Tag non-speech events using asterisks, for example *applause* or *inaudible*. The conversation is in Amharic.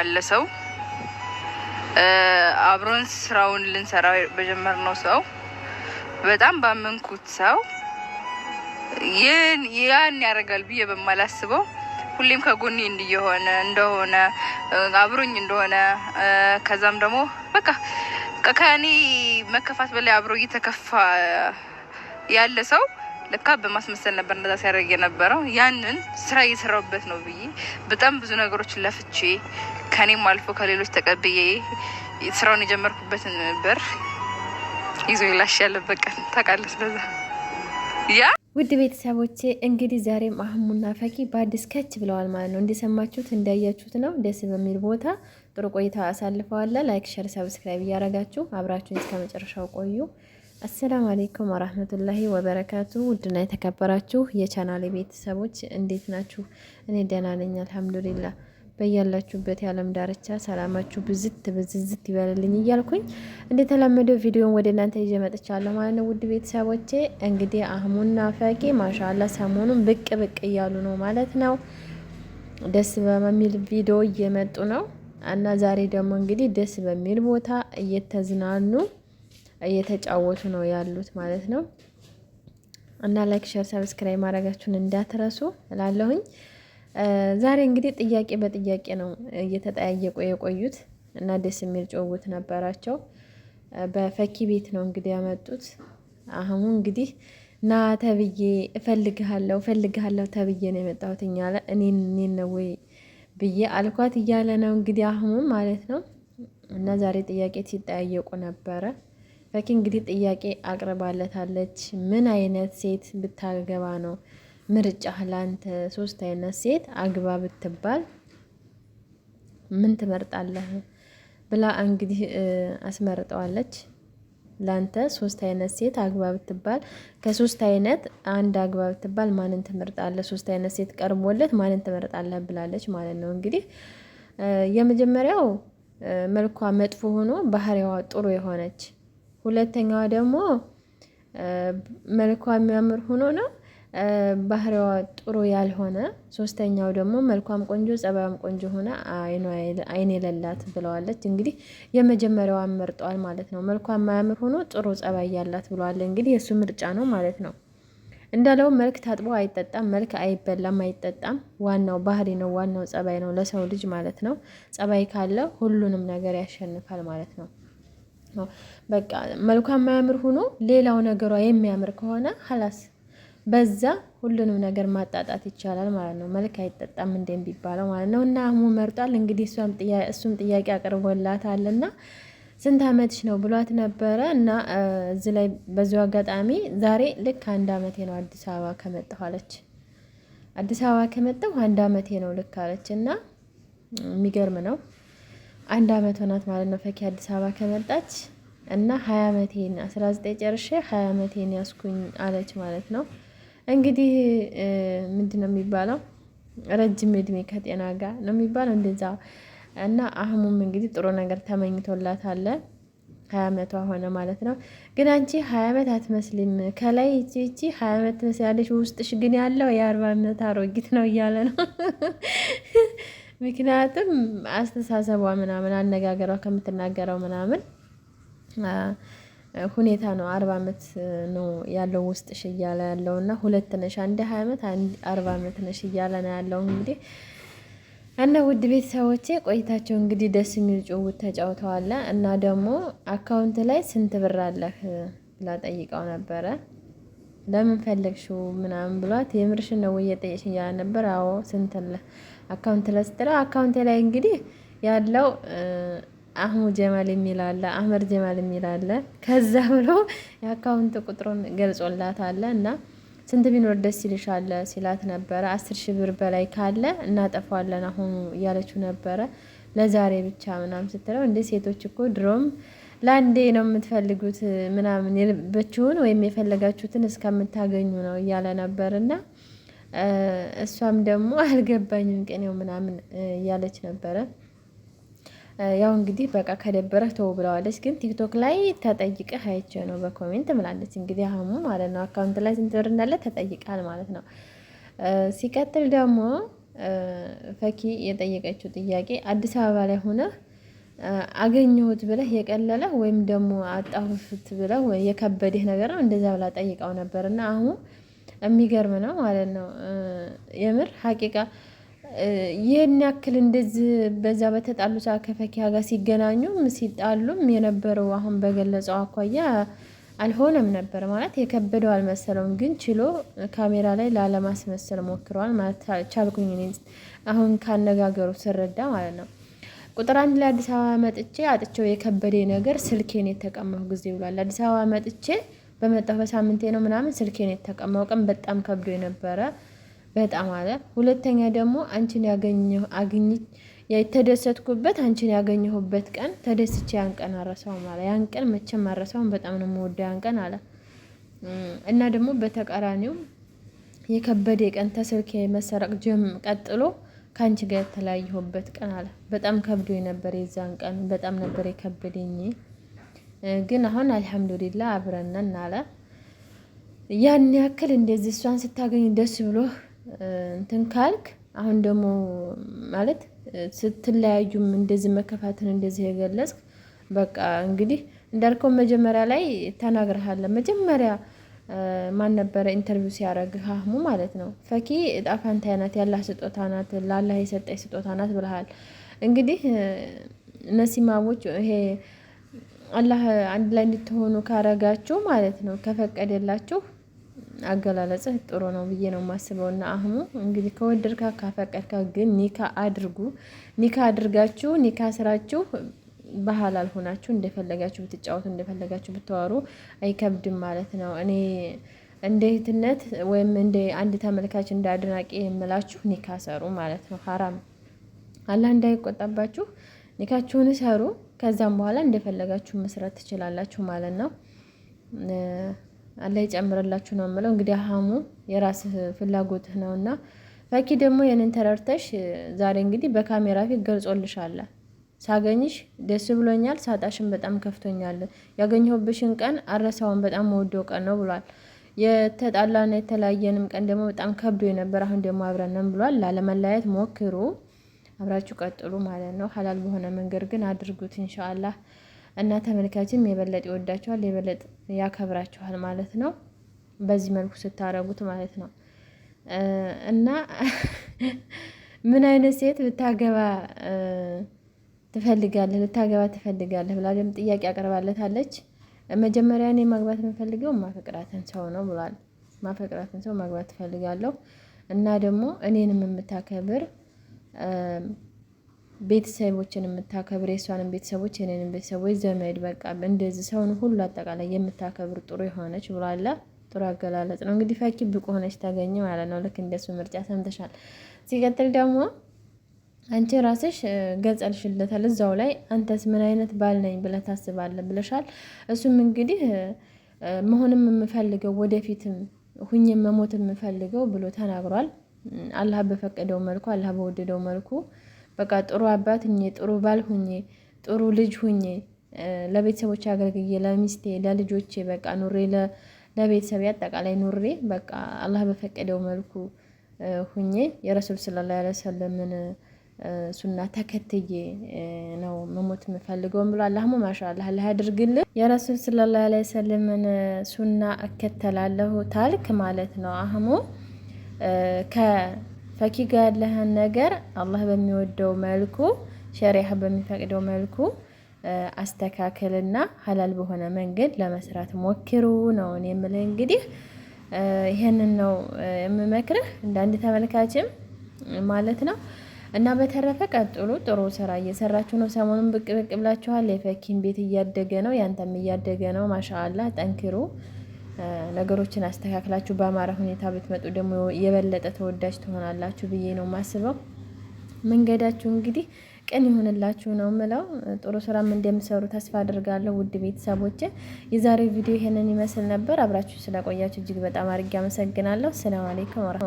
ባለ ሰው አብሮን ስራውን ልንሰራ በጀመር ነው ሰው በጣም ባመንኩት ሰው ይህን ያን ያደርጋል ብዬ በማላስበው ሁሌም ከጎኔ እንዲየሆነ እንደሆነ አብሮኝ እንደሆነ ከዛም ደግሞ በቃ ከኔ መከፋት በላይ አብሮ እየተከፋ ያለ ሰው ልካ በማስመሰል ነበር እንደዛ ሲያደርግ የነበረው። ያንን ስራ እየሰራሁበት ነው ብዬ በጣም ብዙ ነገሮችን ለፍቼ ከኔም አልፎ ከሌሎች ተቀብዬ ስራውን የጀመርኩበትን ብር ይዞ ይላሽ ያለበት ቀን ታውቃለች። በዛ ያ ውድ ቤተሰቦቼ እንግዲህ ዛሬም አህሙና ፈኪ በአዲስ ከች ብለዋል ማለት ነው። እንደሰማችሁት እንዳያችሁት ነው። ደስ በሚል ቦታ ጥሩ ቆይታ አሳልፈዋለ። ላይክ፣ ሸር፣ ሰብስክራይብ እያረጋችሁ አብራችሁን እስከ መጨረሻው ቆዩ። አሰላሙ አሌይኩም ወራህመቱላሂ ወበረካቱ። ውድና የተከበራችሁ የቻናሌ ቤተሰቦች እንዴት ናችሁ? እኔ ደህና ነኝ አልሐምዱሊላ። በያላችሁበት የዓለም ዳርቻ ሰላማችሁ ብዝት ብዝዝት ይበልልኝ እያልኩኝ እንደተለመደው ቪዲዮን ወደ እናንተ ይዤ መጥቻለሁ ማለት ነው። ውድ ቤተሰቦቼ እንግዲህ አህሙና ፈቂ ማሻላ ሰሞኑን ብቅ ብቅ እያሉ ነው ማለት ነው። ደስ በሚል ቪዲዮ እየመጡ ነው እና ዛሬ ደግሞ እንግዲህ ደስ በሚል ቦታ እየተዝናኑ እየተጫወቱ ነው ያሉት ማለት ነው። እና ላይክ፣ ሼር፣ ሰብስክራይብ ማድረጋችሁን እንዳትረሱ እላለሁኝ። ዛሬ እንግዲህ ጥያቄ በጥያቄ ነው እየተጠያየቁ የቆዩት እና ደስ የሚል ጭውውት ነበራቸው። በፈኪ ቤት ነው እንግዲህ ያመጡት። አህሙ እንግዲህ ና ተብዬ እፈልግሃለሁ እፈልግሃለሁ ተብዬ ነው የመጣሁት እኛለ እኔን እኔን ነው ወይ ብዬ አልኳት እያለ ነው እንግዲህ አህሙ ማለት ነው። እና ዛሬ ጥያቄ ሲጠያየቁ ነበረ። ፈኪ እንግዲህ ጥያቄ አቅርባለታለች። ምን አይነት ሴት ብታገባ ነው ምርጫ ላንተ? ሶስት አይነት ሴት አግባ ብትባል ምን ትመርጣለህ ብላ እንግዲህ አስመርጠዋለች። ላንተ ሶስት አይነት ሴት አግባ ብትባል ከሶስት አይነት አንድ አግባ ብትባል ማንን ትመርጣለህ? ሶስት አይነት ሴት ቀርቦለት ማንን ትመርጣለህ ብላለች ማለት ነው። እንግዲህ የመጀመሪያው መልኳ መጥፎ ሆኖ ባህሪዋ ጥሩ የሆነች ሁለተኛዋ ደግሞ መልኳ የሚያምር ሆኖ ነው ባህሪዋ ጥሩ ያልሆነ። ሶስተኛው ደግሞ መልኳም ቆንጆ ጸባያም ቆንጆ ሆነ አይን የሌላት ብለዋለች። እንግዲህ የመጀመሪያዋን መርጠዋል ማለት ነው። መልኳ የማያምር ሆኖ ጥሩ ጸባይ ያላት ብለዋል። እንግዲህ የእሱ ምርጫ ነው ማለት ነው። እንዳለው መልክ ታጥቦ አይጠጣም፣ መልክ አይበላም፣ አይጠጣም። ዋናው ባህሪ ነው፣ ዋናው ጸባይ ነው ለሰው ልጅ ማለት ነው። ጸባይ ካለ ሁሉንም ነገር ያሸንፋል ማለት ነው። በቃ መልኳ የማያምር ሆኖ ሌላው ነገሯ የሚያምር ከሆነ ሀላስ በዛ ሁሉንም ነገር ማጣጣት ይቻላል ማለት ነው። መልክ አይጠጣም እንደ የሚባለው ማለት ነው። እና አህሙ መርጧል እንግዲህ እሱም ጥያቄ አቅርቦላታል እና ስንት አመትች ነው ብሏት ነበረ እና እዚህ ላይ በዚሁ አጋጣሚ ዛሬ ልክ አንድ አመቴ ነው አዲስ አበባ ከመጣሁ አለች። አዲስ አበባ ከመጣሁ አንድ አመቴ ነው ልክ አለች እና የሚገርም ነው። አንድ አመት ሆናት ማለት ነው ፈኪ አዲስ አበባ ከመጣች እና ሀያ አመቴን አስራ ዘጠኝ ጨርሼ ሀያ አመቴን ያስኩኝ አለች ማለት ነው። እንግዲህ ምንድን ነው የሚባለው ረጅም እድሜ ከጤና ጋር ነው የሚባለው እንደዛ እና አህሙም እንግዲህ ጥሩ ነገር አለ ሀያ አመቷ ሆነ ማለት ነው። ግን አንቺ ሀያ አመት አትመስልም፣ ከላይ ቺቺ ሀያ አመት ትመስላለች፣ ውስጥሽ ግን ያለው የአርባ አመት አሮጊት ነው እያለ ነው ምክንያቱም አስተሳሰቧ ምናምን አነጋገሯ ከምትናገረው ምናምን ሁኔታ ነው። አርባ ዓመት ነው ያለው ውስጥሽ እያለ ያለው እና ሁለት ነሽ አንድ ሀያ ዓመት አርባ ዓመት ነሽ እያለ ነው ያለው እንግዲህ እና ውድ ቤተሰቦቼ ቆይታቸው እንግዲህ ደስ የሚል ጭውውት ተጫውተዋለ። እና ደግሞ አካውንት ላይ ስንት ብር አለህ ብላ ጠይቀው ነበረ ለምን ፈለግሽው ምናምን ብሏት የምርሽን ነው እየጠየሽ እያለ ነበር። አዎ ስንትለ አካውንት ለስጥላ አካውንቴ ላይ እንግዲህ ያለው አህሙ ጀማል የሚል አለ፣ አህመድ ጀማል የሚል አለ። ከዛ ብሎ የአካውንት ቁጥሩን አለ እና ስንት ቢኖር ደስ ይልሻል ሲላት ነበረ። አስር ሺህ ብር በላይ ካለ እናጠፋለን አሁኑ እያለችው ነበረ። ለዛሬ ብቻ ምናምን ስትለው እንደ ሴቶች እኮ ድሮም ለአንዴ ነው የምትፈልጉት ምናምን የልበችውን ወይም የፈለጋችሁትን እስከምታገኙ ነው እያለ ነበር እና እሷም ደግሞ አልገባኝም ቅኔው ምናምን እያለች ነበረ። ያው እንግዲህ በቃ ከደበረህ ተው ብለዋለች። ግን ቲክቶክ ላይ ተጠይቀህ አይቼ ነው በኮሜንት ምላለች። እንግዲህ አህሙ ማለት ነው አካውንት ላይ ስንት ብር እንዳለ ተጠይቃል ማለት ነው። ሲቀጥል ደግሞ ፈኪ የጠየቀችው ጥያቄ አዲስ አበባ ላይ ሆነህ አገኘሁት ብለህ የቀለለህ ወይም ደግሞ አጣሁት ብለህ የከበደህ ነገር ነው እንደዛ ብላ ጠይቀው ነበር። እና አሁን የሚገርም ነው ማለት ነው የምር ሀቂቃ ይህን ያክል እንደዚህ በዛ በተጣሉ ሰዓት ከፈኪያ ጋር ሲገናኙም ሲጣሉም የነበረው አሁን በገለጸው አኳያ አልሆነም ነበር ማለት የከበደው አልመሰለውም፣ ግን ችሎ ካሜራ ላይ ላለማስመሰል ሞክረዋል ማለት ቻልኩኝ። አሁን ካነጋገሩ ስረዳ ማለት ነው ቁጥር አንድ ላይ አዲስ አበባ መጥቼ አጥቸው የከበደ ነገር ስልኬን የተቀማሁ ጊዜ ብሏል። አዲስ አበባ መጥቼ በመጣሁ በሳምንቴ ነው ምናምን ስልኬን የተቀማው ቀን በጣም ከብዶ የነበረ በጣም አለ። ሁለተኛ ደግሞ አንቺን ያገኘ የተደሰትኩበት አንቺን ያገኘሁበት ቀን ተደስቼ ያን ቀን አረሳውም አለ። ያን ቀን መቼም አረሳውም በጣም ነው የምወደው ያን ቀን አለ። እና ደግሞ በተቃራኒው የከበደ ቀን ተስልኬ መሰረቅ ጀም ቀጥሎ ከአንቺ ጋር የተለያየሁበት ቀን አለ። በጣም ከብዶ ነበር፣ የዛን ቀን በጣም ነበር የከበደኝ። ግን አሁን አልሐምዱሊላ አብረነን አለ። ያን ያክል እንደዚህ እሷን ስታገኝ ደስ ብሎ እንትን ካልክ አሁን ደግሞ ማለት ስትለያዩም እንደዚህ መከፋትን እንደዚህ የገለጽክ በቃ እንግዲህ እንዳልከው መጀመሪያ ላይ ተናግረሃለ መጀመሪያ ማን ነበረ ኢንተርቪው ሲያደርግ ሀህሙ ማለት ነው። ፈኪ እጣ ፈንታዬ ናት፣ ያላህ ስጦታ ናት፣ ላላህ የሰጠኝ ስጦታ ናት ብለሃል። እንግዲህ ነሲማቦች ይሄ አላህ አንድ ላይ እንድትሆኑ ካረጋችሁ ማለት ነው ከፈቀደላችሁ አገላለጽህ ጥሩ ነው ብዬ ነው የማስበው። እና አህሙ እንግዲህ ከወደድካ ካፈቀድካ ግን ኒካ አድርጉ። ኒካ አድርጋችሁ ኒካ ስራችሁ ባህል አልሆናችሁ እንደፈለጋችሁ ብትጫወቱ እንደፈለጋችሁ ብታወሩ አይከብድም ማለት ነው። እኔ እንደ እህትነት ወይም እንደ አንድ ተመልካች እንደ አድናቂ የምላችሁ ኒካ ሰሩ ማለት ነው። ሀራም አላህ እንዳይቆጣባችሁ ኒካችሁን ሰሩ። ከዛም በኋላ እንደፈለጋችሁ መስራት ትችላላችሁ ማለት ነው። አላህ ይጨምርላችሁ ነው የምለው። እንግዲህ ሀሙ የራስ ፍላጎትህ ነውና ፈኪ ደግሞ የንን ዛሬ እንግዲህ በካሜራ ፊት ገልጾልሻል። ሳገኝሽ ደስ ብሎኛል፣ ሳጣሽን በጣም ከፍቶኛል። ያገኘሁብሽን ቀን አረሳውን በጣም መወደው ቀን ነው ብሏል። የተጣላና የተለያየንም ቀን ደግሞ በጣም ከብዶ የነበር አሁን ደግሞ አብረንም ብሏል። ላለመለያየት ሞክሩ፣ አብራችሁ ቀጥሉ ማለት ነው። ሀላል በሆነ መንገድ ግን አድርጉት ኢንሻአላህ። እና ተመልካችም የበለጥ ይወዳችኋል፣ የበለጥ ያከብራችኋል ማለት ነው። በዚህ መልኩ ስታረጉት ማለት ነው እና *laughs* ምን አይነት ሴት ብታገባ ትፈልጋለህ ልታገባ ትፈልጋለህ ብላ ደም ጥያቄ አቅርባለታለች። መጀመሪያ እኔ ማግባት የምፈልገው ማፈቅራትን ሰው ነው ብሏል። ማፈቅራትን ሰው ማግባት ትፈልጋለሁ እና ደግሞ እኔንም የምታከብር ቤተሰቦችን የምታከብር የእሷንም ቤተሰቦች የኔንም ቤተሰቦች ዘመድ በቃ እንደዚህ ሰውን ሁሉ አጠቃላይ የምታከብር ጥሩ የሆነች ብሏለ። ጥሩ አገላለጽ ነው እንግዲህ ፈኪ ብቁ ሆነች ተገኘ ማለት ነው። ልክ እንደሱ ምርጫ ሰምተሻል። ሲቀጥል ደግሞ አንቺ ራስሽ ገልጸልሽለታል። እዛው ላይ አንተስ ምን አይነት ባል ነኝ ብለህ ታስባለህ ብለሻል። እሱም እንግዲህ መሆንም የምፈልገው ወደፊትም ሁኜ መሞት የምፈልገው ብሎ ተናግሯል። አላህ በፈቀደው መልኩ አላህ በወደደው መልኩ በቃ ጥሩ አባት ሁኜ ጥሩ ባል ሁኜ ጥሩ ልጅ ሁኜ ለቤተሰቦች አገልግዬ ለሚስቴ ለልጆቼ በቃ ኑሬ ለቤተሰብ አጠቃላይ ኑሬ በቃ አላህ በፈቀደው መልኩ ሁኜ የረሱል ስለ ላ ሱና ተከትዬ ነው መሞት የምፈልገውም ብሎ አላህሙ ማሻአላህ አላህ ያድርግልን። የረሱል ሰለላሁ ላ ሰለምን ሱና እከተላለሁ ታልክ ማለት ነው አህሙ ከፈኪ ጋ ያለህን ነገር አላህ በሚወደው መልኩ ሸሪያ በሚፈቅደው መልኩ አስተካከልና ሀላል በሆነ መንገድ ለመስራት ሞክሩ ነው የምልህ። እንግዲህ ይህንን ነው የምመክርህ እንደ አንድ ተመልካችም ማለት ነው እና በተረፈ ቀጥሎ ጥሩ ስራ እየሰራችሁ ነው። ሰሞኑን ብቅ ብቅ ብላችኋል። የፈኪን ቤት እያደገ ነው፣ ያንተም እያደገ ነው። ማሻአላ ጠንክሩ። ነገሮችን አስተካክላችሁ በአማራ ሁኔታ ብትመጡ ደግሞ የበለጠ ተወዳጅ ትሆናላችሁ ብዬ ነው ማስበው መንገዳችሁ እንግዲህ ቀን ይሆንላችሁ ነው ምለው። ጥሩ ስራም እንደምሰሩ ተስፋ አድርጋለሁ። ውድ ቤተሰቦች የዛሬው ቪዲዮ ይሄንን ይመስል ነበር። አብራችሁ ስለቆያችሁ እጅግ በጣም አድርጌ አመሰግናለሁ። ሰላም አሌይኩም።